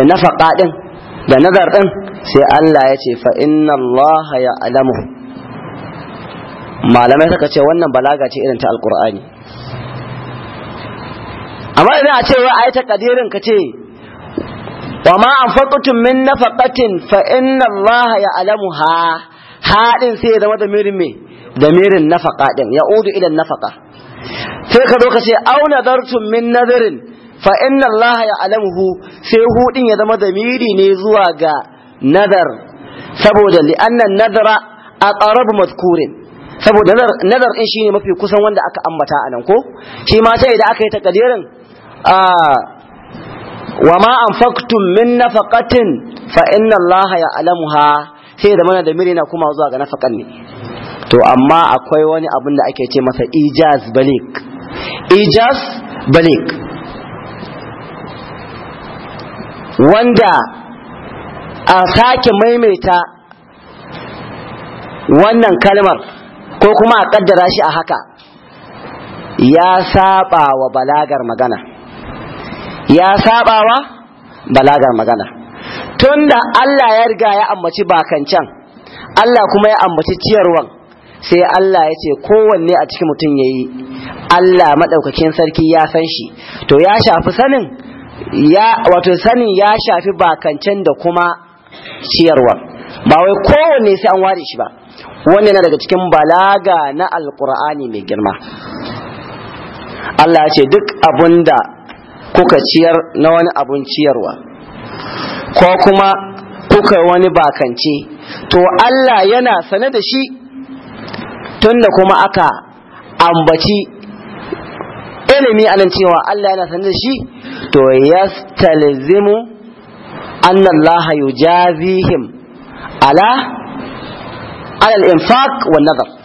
da nafaka ɗin da nazar ɗin sai Allah ya ce fainna inna ya ya'lamu malamai suka ce wannan balaga ce irin ta alqur'ani amma idan a ce wa ayi takadirin ka ce wa ma anfaqtum min nafaqatin fa inna allaha ya'lamuha hadin sai ya zama da mirin me da mirin nafaqa din ya'udu ila nafaqa sai ka zo ka ce au nadartum min nadarin fa inna allaha ya'lamuhu sai hudin ya zama da miri ne zuwa ga nadar saboda li'annan nadara aqrabu madhkurin saboda nazar din shine mafi kusan wanda aka ambata anan ko shi ma sai da aka yi takadirin wa ma anfaqtum min nafaqatin fa inna allaha ya'lamuha sai da mana da miri na kuma zuwa ga nafakan ne to amma akwai wani abin da ake ce masa ijaz balik ijaz balik wanda a sake maimaita wannan kalmar ko kuma a kaddara shi a haka ya saba wa balagar magana ya sabawa balagar magana tunda Allah ya riga ya ambaci bakancan Allah kuma ya ambaci ciyarwan sai Allah ya ce kowanne a cikin mutum yayi Allah maɗaukakin sarki ya san shi to ya shafi sanin ya wato sanin ya shafi bakancan da kuma ciyarwa ba wai kowanne sai an ware shi ba wannan yana daga cikin balaga na alkur'ani mai girma Allah ya ce duk da. kuka ciyar na wani abun ciyarwa ko kuma kuka wani bakanci to Allah yana sane da shi tunda kuma aka ambaci ilimi anan cewa Allah yana sane da shi to yastalzimu anna Allah yujazihim ala ala al-infaq wan nadhar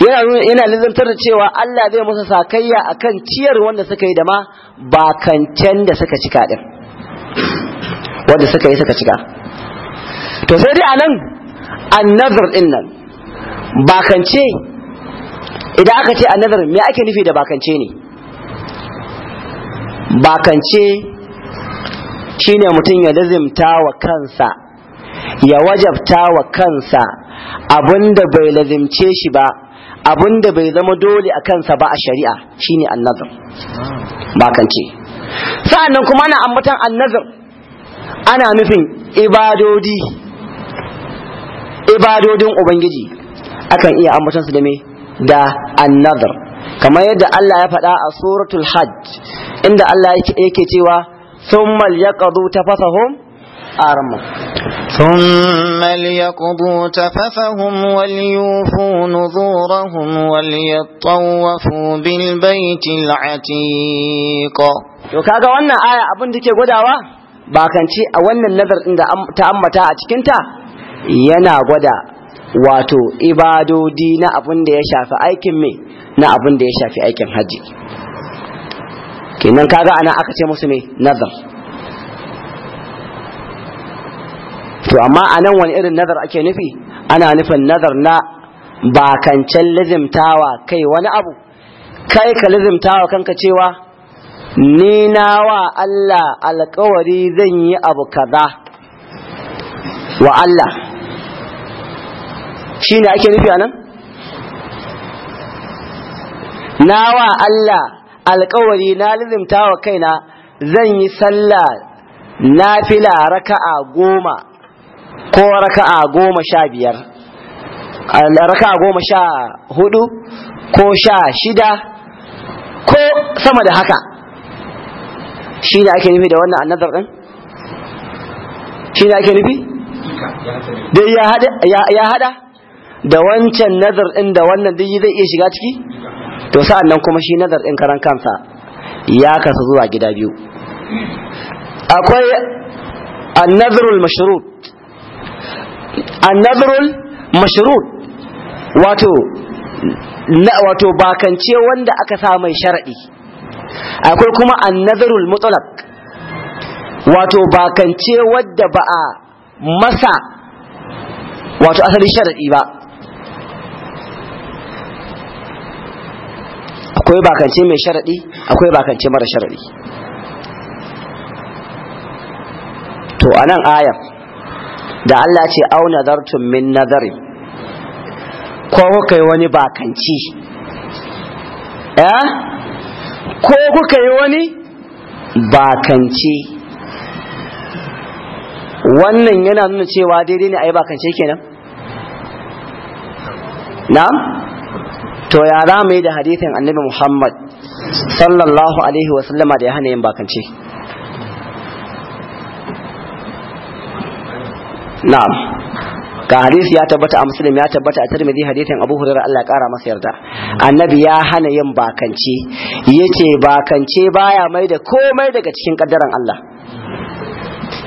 yana nuna yana lizantar da cewa Allah zai musu sakayya akan ciyar wanda suka yi da ma bakancan da suka cika din wanda suka yi suka cika to sai dai anan annazar din nan bakance idan aka ce annazar me ake nufi da bakance ne bakance shine mutum ya lazimta wa kansa ya wajabta wa kansa abinda bai lazimce shi ba abin da bai zama dole a kansa ba a shari'a shine annazar ba kan ce sa'annan kuma ana ambatan annazar ana nufin ibadodi ibadodin ubangiji akan iya ambatansu da me da annazar kamar yadda Allah ya faɗa a suratul hajj inda Allah yake cewa thumma yaqadu tafathahum آرم ثم ليقضوا تففهم وليوفوا bil وليطوفوا بالبيت العتيق to kaga wannan aya abin da ke gwadawa ba kan ce a wannan nazar din da ta ambata a cikin ta yana gwada wato ibadodi na abin da ya shafi aikin me na abin da ya shafi aikin haji kenan kaga ana aka ce musu me nazar to amma a nan wani irin nazar ake nufi ana nufin nazar na bakancen lazimtawa kai wani abu kai ka lazimtawa kanka cewa ni na wa Allah alkawari zan yi abu kaza wa Allah shi ne ake nufi a nan? na wa Allah alkawari na lizimtawa kaina zan yi sallah na fila raka'a goma ko raka'a goma sha biyar raka'a goma sha hudu ko sha shida ko sama da haka shi da ake nufi da wannan annadar ɗin shi da ake nufi dai ya hada da wancan nazar ɗin da wannan duk zai iya shiga ciki to sa'an nan kuma shi nazar ɗin karan kansa ya kasu zuwa gida biyu akwai annazarul mashrut annadrul mashrud wato wato bakance wanda aka sa mai sharadi akwai kuma annadrul mutlaq wato bakance wadda ba a masa wato asali sharadi ba akwai bakance mai sharadi akwai bakance mara sharadi to anan ayan da Allah ce au nazartum min nazari ko kuka yi wani bakanci eh ko kuka yi wani bakanci wannan yana nuna cewa daidai ne a yi bakance kenan na'am to ya za mu yi da hadithin annabi muhammad sallallahu alaihi wasallama da ya hana yin bakance na'am ga hadisi ya tabbata a muslim ya tabbata a tirmidhi hadisin abu hurairah Allah ya kara masa yarda annabi ya hana yin bakance yace bakance baya mai da komai daga cikin kaddaran Allah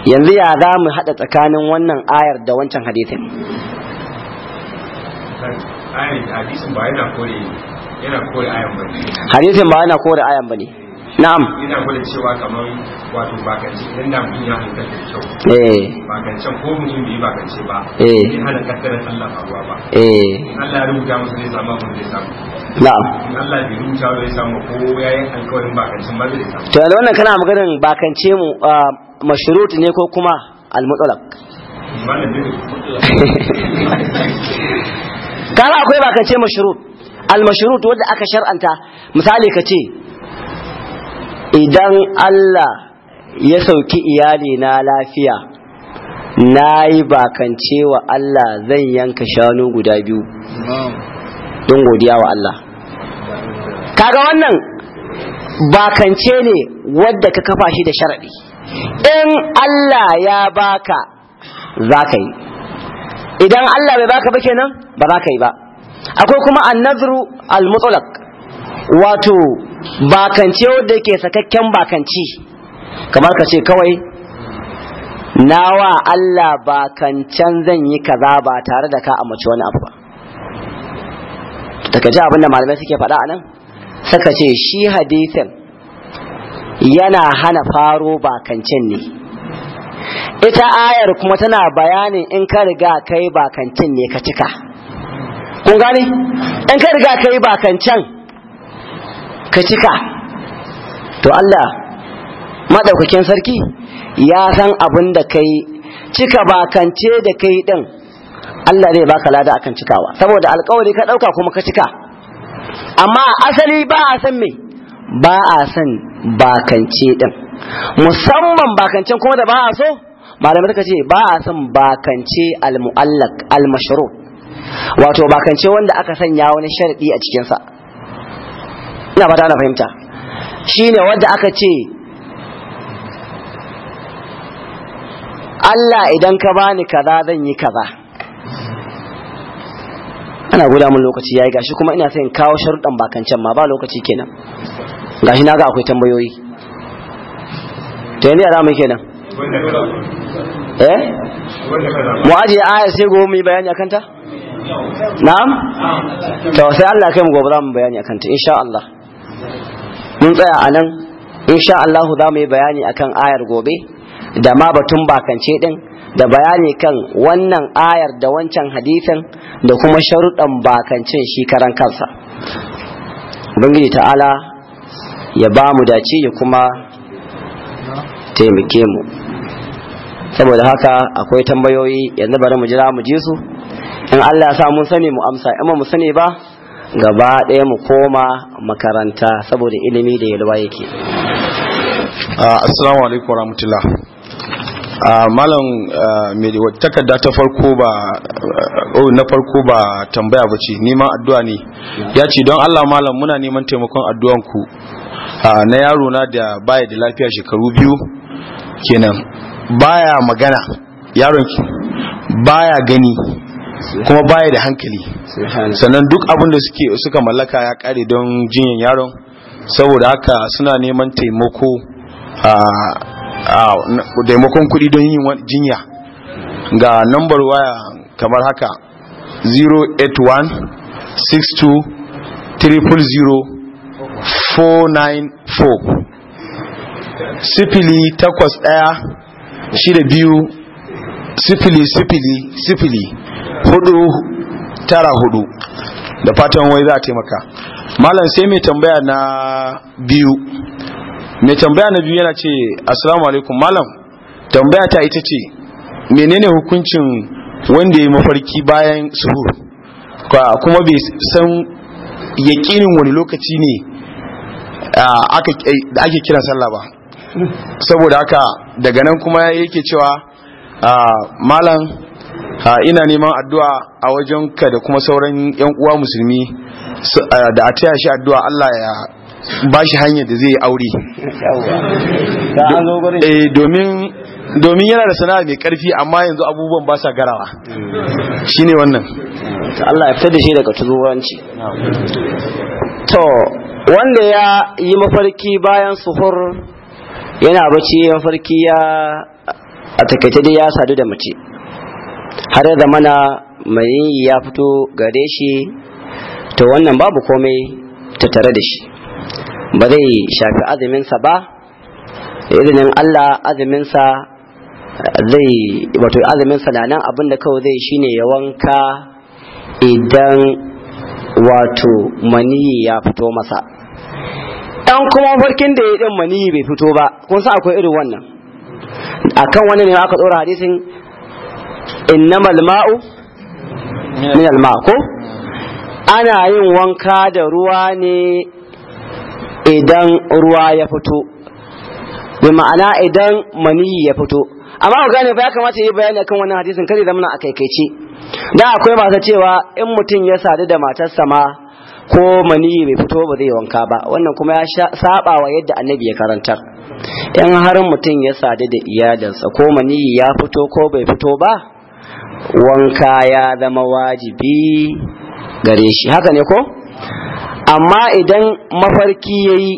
yanzu ya za mu hada tsakanin wannan ayar da wancan hadisin hadisin ba yana kore ayan bane na'am yana gwada cewa kamar wato bakance idan da mutum ya hankali da kyau eh bakancen ko mutum bai bakance ba eh in hana kaddarar Allah faruwa ba eh in Allah ya rubuta masa zai samu abin da samu na'am in Allah bai rubuta ba zai samu ko yayin alƙawarin bakancen ba zai samu to da wannan kana maganar bakance mu ah, mashrut ne ko kuma al-mutlaq kana akwai bakance mashrut al-mashrut wanda aka shar'anta misali ka ce idan Allah ya sauki iyali na lafiya na yi bakance wa Allah zan yanka shanu guda biyu don godiya wa Allah kaga wannan bakance ne wadda ka kafa shi da sharaɗi in Allah ya baka za ka yi idan Allah bai baka ba kenan ba za ka yi ba akwai kuma annazru al-mutlaq wato bakance da yake sakakken bakanci kamar ka ce kawai nawa Allah bakancan zan yi kaza ba tare da ka amince wani abu ba daga ji abin malamai suke faɗa anan saka ce shi hadisin yana hana faro bakancin ne ita ayar kuma tana bayanin in ka riga kai bakancin ne ka cika kun gane in ka riga kai bakancan ka cika to Allah madaukakin sarki ya san abin da kai cika bakance da kai din Allah zai baka lada akan cikawa saboda alƙawari ka dauka kuma ka cika amma asali ba a san me ba a san bakance din musamman bakancen kuma da ba a so malamai suka ce ba a san bakance al-mu'allaq al-mashrut wato bakance wanda aka sanya wani sharadi a cikinsa ina ba ta ana fahimta ne wadda aka ce Allah idan ka bani kaza zan yi kaza ana guda mun lokaci yayi gashi kuma ina son kawo sharuɗan bakancan ma ba lokaci kenan gashi na ga akwai tambayoyi to yanzu yara mu kenan eh mu ajiye aya sai gobe mu yi bayani akan ta na'am to sai Allah kai mu gobe za mu bayani akan ta insha Allah mun tsaya a nan insha Allah za mu yi bayani akan ayar gobe da ma batun bakance din da bayani kan wannan ayar da wancan hadithin da kuma sharuɗan bakancin shi karan kansa ubangiji ta'ala ya ba mu dace ya kuma taimake mu saboda haka akwai tambayoyi yanzu bari mu jira mu ji su in Allah ya sa mun sani mu amsa in mu sani ba gaba ɗaya mu koma makaranta saboda ilimi da yalwa yake ah, assalamu alaikum warahmatullah ah, malam ah, takarda ta farko ba oh, na farko ba tambaya ba ce neman addu'a ne ya ce don allah malam muna neman taimakon addu'anku na yaro na da baya da lafiya shekaru biyu kenan baya magana yaron baya gani kuma baya da hankali sannan duk abin da suke suka mallaka ya kare don jinyan yaron saboda haka suna neman taimako taimakon kuɗi don yin jinya ga nambar waya kamar haka 081 62 000 494 sifili takwas ɗaya shida biyu sifili sifili sifili hudu tara hudu da fatan wai za a taimaka malam sai mai tambaya na biyu mai tambaya na biyu yana ce assalamu alaikum malam tambaya ta ita ce menene hukuncin wanda ya mafarki bayan suhur kuma bai san yakinin wani lokaci ne da ake kiran sallah ba saboda haka daga nan kuma yake cewa malam ina neman addu'a a wajen ka da kuma sauran yan uwa musulmi da a taya shi addu'a Allah ya ba shi hanyar da zai yi aure eh, domin yana da sana'a mai karfi amma yanzu abubuwan ba sa garawa shine wannan Allah ya fitar da shi daga tuzuranci to wanda ya yi mafarki bayan suhur yana bace mafarki ya a takaice dai ya sadu da mace har da mana mai ya fito gare shi to wannan babu komai ta tare da shi ba zai shafi azuminsa ba izinin Allah azuminsa zai wato azuminsa na nan abinda kawai zai shine ya wanka idan wato mani ya fito masa Dan kuma farkin da ya ɗin maniyi bai fito ba kun san akwai irin wannan akan wani ne aka tsora hadisin innamal ma'u Min ko ana yin wanka da ruwa ne idan ruwa ya fito bi ma'ana idan maniyi ya fito amma ku gane ba ya kamata yi bayani akan wannan hadisin kare da muna a kaikaice da akwai masu cewa in mutum ya sadu da matarsa ma ko maniyi bai fito ba zai wanka ba wannan kuma ya saba wa yadda annabi ya karanta in har mutum ya sadu da iyalinsa ko maniyi ya fito ko bai fito ba wanka ya zama wajibi gare shi haka ne ko amma idan mafarki ya yi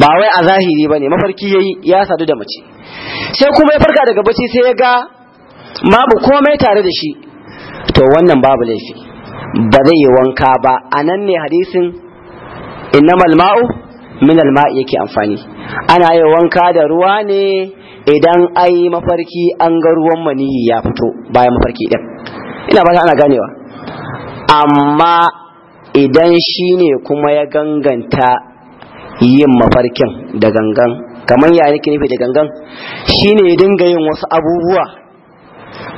ba wai a zahiri ba ne mafarki ya yi ya sadu da mace sai kuma ya farka daga bacci sai ya ga mabu komai tare da shi to wannan babu laifi ba zai yi wanka ba a nan ne hadisin innamal malma'u min al yake amfani ana yi wanka da ruwa ne idan ai mafarki an ga ruwan maniyi ya fito bayan mafarki din ina ba ana ganewa amma idan shi ne kuma ya ganganta yin mafarkin da gangan kamar ya nake nufi da gangan shi ne ya dinga yin wasu abubuwa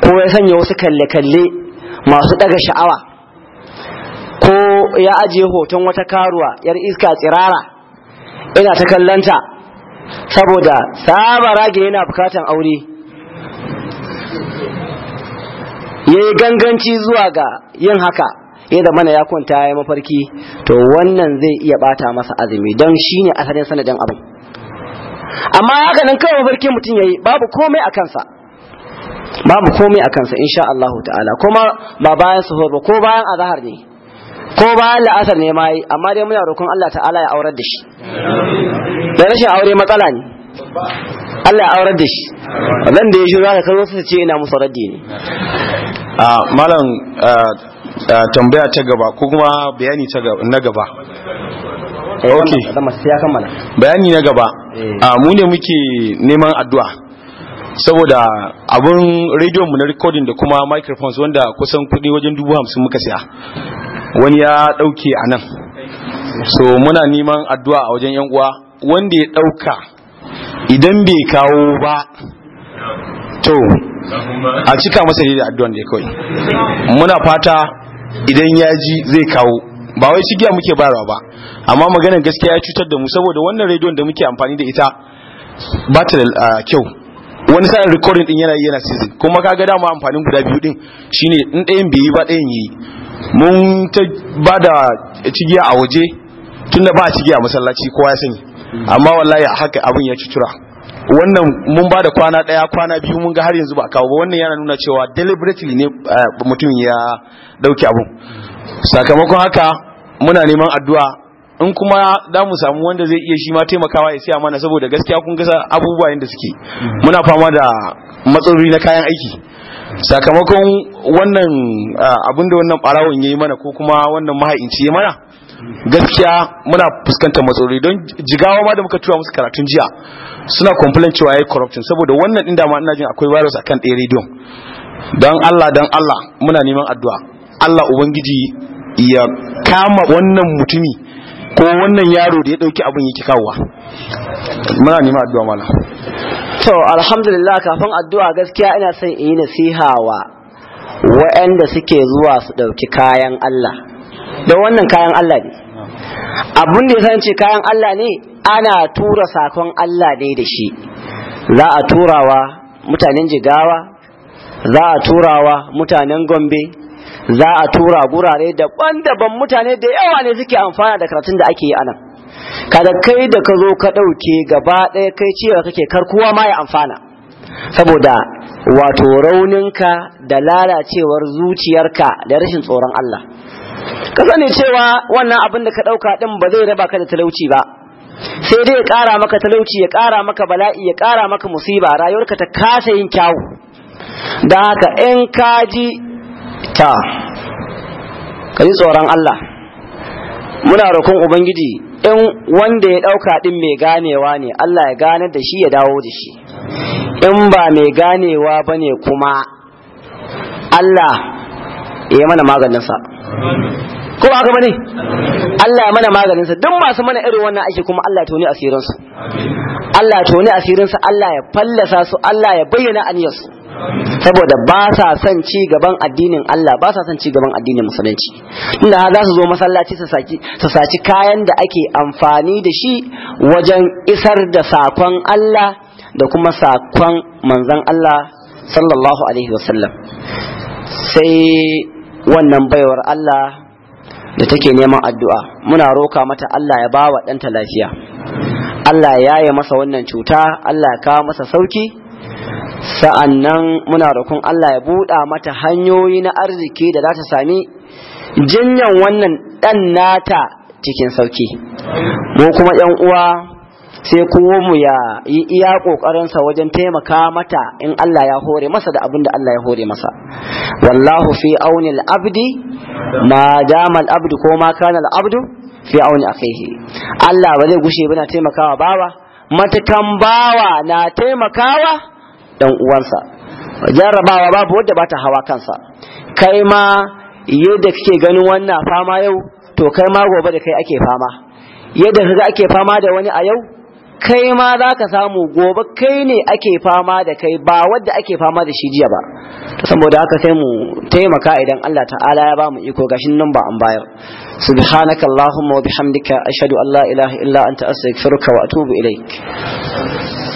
ko ya sanya wasu kalle-kalle masu daga sha'awa ko ya ajiye hoton wata karuwa yar iska tsirara ina ta kallanta saboda saba rage yana bukatan aure ya yi ganganci zuwa ga yin haka ya da mana ya kwanta ya mafarki to wannan zai iya bata masa azumi don shi ne asalin sanadin abin amma ya nan kawai mafarki mutum ya yi babu komai a kansa babu komai a kansa insha Allah ta'ala kuma ba bayan suhur ba ko bayan azahar ne ko bayan la'asar ne ma yi amma dai muna roƙon Allah ta'ala ya aurar da shi da rashin aure matsala ne Allah ya aurar da shi zan da ya shi za ka kazo su ce ina musu raddi ne malam tambaya ta gaba ko kuma bayani na gaba eh, ok bayani na gaba eh. mu ne muke neman addu'a saboda abun rediyon mu na recording da kuma microphones wanda kusan kudi wajen dubu hamsin muka siya wani ya ɗauke a nan so muna neman addu'a a wajen uwa wanda ya ɗauka idan bai kawo ba to a cika masa da addu'an da ya kawai muna fata idan ya ji zai kawo ba wai shigiya muke bayarwa ba amma maganar gaskiya ya cutar da mu saboda wannan rediyon da muke amfani da ita ba ta da kyau wani sa'in recording din yana yana season kuma kaga dama amfanin guda biyu din shine in ɗayan bai yi ba ɗayan yi mun ta ba da cigiya a waje tun da ba cigiya masallaci kowa ya sani amma wallahi a haka abin ya cutura wannan mun ba da kwana daya kwana biyu mun ga har yanzu ba kawo ba wannan yana nuna cewa deliberately ne eh, mutum ya dauki abun sakamakon haka muna neman addu'a in kuma da mu samu wanda zai iya shi ma taimakawa ya siya mana saboda gaskiya kun gasa abubuwa yadda suke muna fama da matsaloli na kayan aiki sakamakon wannan abinda wannan barawon ya yi mana ko kuma wannan maha'inci ya mana gaskiya muna fuskantar matsaloli don jigawa ma da muka tura musu karatun jiya suna complain cewa yayi corruption saboda wannan inda ma ina jin akwai virus akan ɗaya rediyon don Allah don Allah muna neman addu'a Allah ubangiji ya kama wannan mutumi ko wannan yaro da ya ɗauki abin yake kawowa muna neman addu'a mana to alhamdulillah kafin addu'a gaskiya ina son yi nasiha wa waɗanda suke zuwa su ɗauki kayan Allah da wannan kayan Allah ne abun da ya ce kayan Allah ne ana tura sakon Allah ne da shi za a turawa mutanen jigawa za a turawa mutanen gombe za a tura gurare daban-daban mutane da yawa ne suke amfana da karatun da ake yi anan kada kai da ka zo ka ɗauke gaba ɗaya kai cewa kake kar kowa ma ya amfana saboda wato raunin ka da lalacewar zuciyarka da rashin tsoron Allah ka sani cewa wannan abin da ka ɗauka ɗin ba zai raba ka da talauci ba sai dai ya ƙara maka talauci ya ƙara maka bala'i ya ƙara maka musiba rayuwarka ta kasa yin kyawu da haka in ka ji ta ka ji tsoron Allah muna roƙon ubangiji in wanda ya ɗauka ɗin mai ganewa ne Allah ya gane da shi ya dawo da shi in ba mai ganewa ba ne kuma Allah ya mana maganinsa ko ba haka bane Allah ya mana maganinsa duk masu mana irin wannan ake kuma Allah ya toni asirinsu Allah ya toni asirinsu Allah ya fallasa su Allah ya bayyana aniyarsu saboda ba sa son ci gaban addinin Allah ba sa son ci gaban addinin musulunci inda za su zo masallaci su saci kayan da ake amfani da shi wajen isar da sakon Allah da kuma sakon manzon Allah sallallahu alaihi wasallam sai wannan baiwar Allah da take neman addu'a muna roka mata Allah ya ba wa ɗanta lafiya Allah ya yi masa wannan cuta Allah ya kawo masa sauki sa'an nan muna roƙon Allah ya buɗa mata hanyoyi na arziki da za ta sami jinyan wannan ɗan nata cikin sauki mu kuma ‘yan uwa sai kowa mu ya yi iya ƙoƙarinsa wajen taimaka mata in Allah ya hore masa da abin da Allah ya hore masa wallahu fi aunil abdi ma damal abdu ko ma kanal abdu fi auni akaihi Allah ba zai gushe bana taimakawa bawa matukan bawa na taimakawa dan uwansa jarrabawa babu wadda bata hawa kansa kai ma yadda kake ganin wannan fama yau to kai ma gobe da kai ake fama yadda kaga ake fama da wani a yau kai ma za ka samu gobe kai ne ake fama da kai ba wadda ake fama da shi jiya ba saboda haka sai mu taimaka idan Allah ta'ala ya ba mu iko gashin nan ba an bayar subhanaka allahumma wa bihamdika ashhadu an la ilaha illa anta astaghfiruka wa atubu ilaik